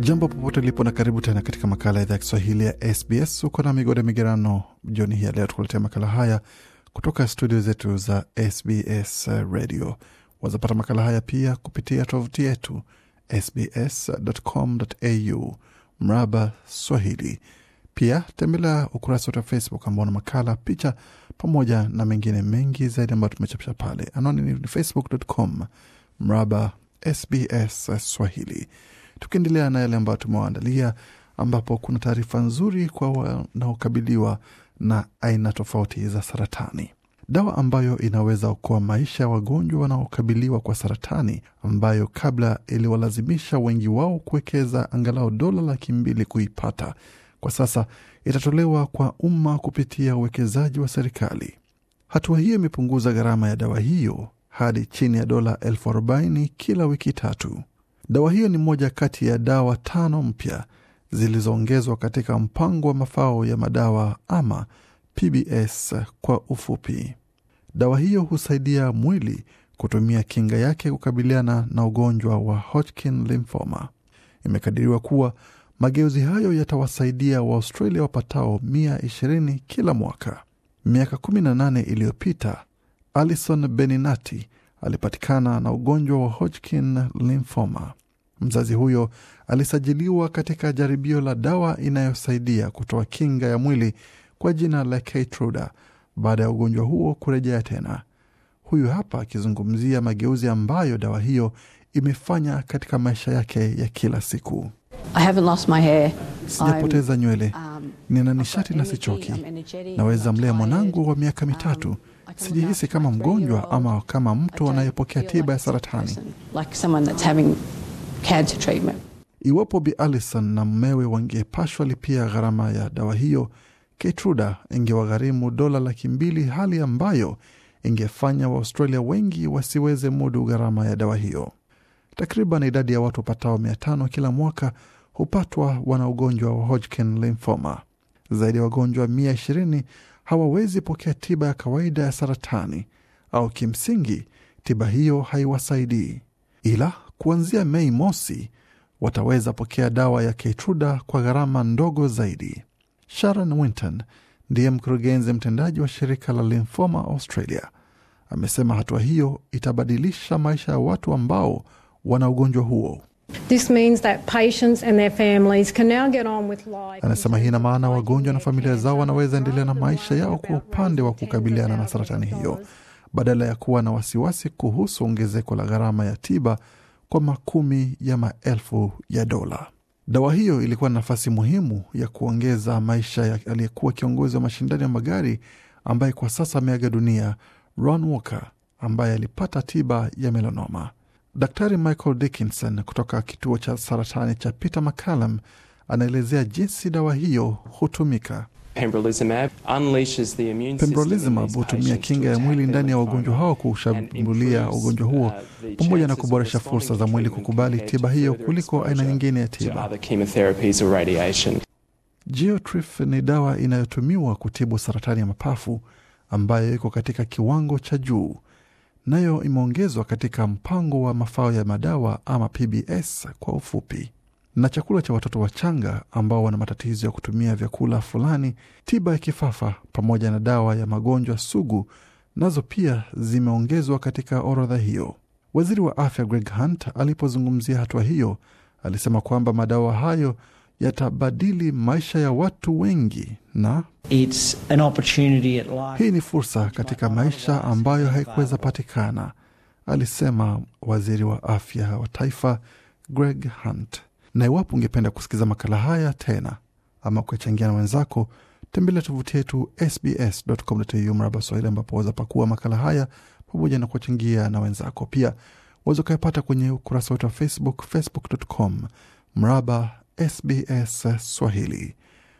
Jambo popote lipo na karibu tena katika makala ya idhaa ya Kiswahili ya SBS. Uko na Migode Migerano jioni hii ya leo, tukuletea makala haya kutoka studio zetu za SBS Radio. Wazapata makala haya pia kupitia tovuti yetu sbs.com.au mraba swahili. Pia tembelea ukurasa wetu wa Facebook ambao na makala, picha pamoja na mengine mengi zaidi ambayo tumechapisha pale. Anwani ni facebook.com mraba sbs swahili tukiendelea na yale ambayo tumewaandalia, ambapo kuna taarifa nzuri kwa wanaokabiliwa na aina tofauti za saratani. Dawa ambayo inaweza kuwa maisha ya wagonjwa wanaokabiliwa kwa saratani ambayo kabla iliwalazimisha wengi wao kuwekeza angalau dola laki mbili kuipata, kwa sasa itatolewa kwa umma kupitia uwekezaji wa serikali. Hatua hiyo imepunguza gharama ya dawa hiyo hadi chini ya dola 40 kila wiki tatu. Dawa hiyo ni moja kati ya dawa tano mpya zilizoongezwa katika mpango wa mafao ya madawa ama PBS kwa ufupi. Dawa hiyo husaidia mwili kutumia kinga yake kukabiliana na ugonjwa wa Hodgkin lymphoma. Imekadiriwa kuwa mageuzi hayo yatawasaidia Waaustralia wapatao mia ishirini kila mwaka. Miaka 18 iliyopita Alison Beninati alipatikana na ugonjwa wa Hodgkin lymphoma. Mzazi huyo alisajiliwa katika jaribio la dawa inayosaidia kutoa kinga ya mwili kwa jina la Keytruda baada ya ugonjwa huo kurejea tena. Huyu hapa akizungumzia mageuzi ambayo dawa hiyo imefanya katika maisha yake ya kila siku. Sijapoteza nywele, um, nina nishati na sichoki, naweza mlea mwanangu wa miaka mitatu um, sijihisi kama mgonjwa ama kama mtu anayepokea tiba ya saratani. Iwapo Bi na mmewe wangepashwa lipia gharama ya dawa hiyo, Keytruda ingewagharimu dola laki mbili, hali ambayo ingefanya Waaustralia wengi wasiweze mudu gharama ya dawa hiyo. Takriban idadi ya watu wapatao mia tano kila mwaka hupatwa wana ugonjwa wa Hodgkin lymphoma. Zaidi ya wagonjwa mia ishirini hawawezi pokea tiba ya kawaida ya saratani au kimsingi tiba hiyo haiwasaidii, ila kuanzia Mei mosi wataweza pokea dawa ya ketruda kwa gharama ndogo zaidi. Sharon Winton ndiye mkurugenzi mtendaji wa shirika la Lymphoma Australia amesema hatua hiyo itabadilisha maisha ya watu ambao wana ugonjwa huo. Anasema hii ina maana wagonjwa na familia zao wanaweza endelea na maisha yao kwa upande wa kukabiliana na saratani hiyo badala ya kuwa na wasiwasi kuhusu ongezeko la gharama ya tiba kwa makumi ya maelfu ya dola. Dawa hiyo ilikuwa na nafasi muhimu ya kuongeza maisha ya aliyekuwa kiongozi wa mashindano ya magari ambaye kwa sasa ameaga dunia, Ron Walker, ambaye alipata tiba ya melanoma. Daktari Michael Dickinson kutoka kituo cha saratani cha Peter mccalam anaelezea jinsi dawa hiyo hutumika. Pembrolizumab hutumia kinga ya mwili ndani ya wagonjwa hao kushambulia ugonjwa huo, pamoja na kuboresha fursa za mwili kukubali tiba hiyo kuliko aina nyingine ya tiba. Geotrif ni dawa inayotumiwa kutibu saratani ya mapafu ambayo iko katika kiwango cha juu nayo imeongezwa katika mpango wa mafao ya madawa ama PBS kwa ufupi na chakula cha watoto wachanga ambao wana matatizo ya kutumia vyakula fulani, tiba ya kifafa pamoja na dawa ya magonjwa sugu nazo pia zimeongezwa katika orodha hiyo. Waziri wa afya Greg Hunt alipozungumzia hatua hiyo alisema kwamba madawa hayo yatabadili maisha ya watu wengi na It's an opportunity at life. Hii ni fursa katika maisha ambayo haikuweza patikana, alisema waziri wa afya wa taifa Greg Hunt. Na iwapo ungependa kusikiza makala haya tena ama kuyachangia na wenzako, tembelea tovuti yetu sbs.com.au mraba Swahili, ambapo waweza pakua makala haya pamoja na kuwachangia na wenzako. Pia waweza ukayapata kwenye ukurasa wetu wa Facebook, facebook.com mraba SBS Swahili.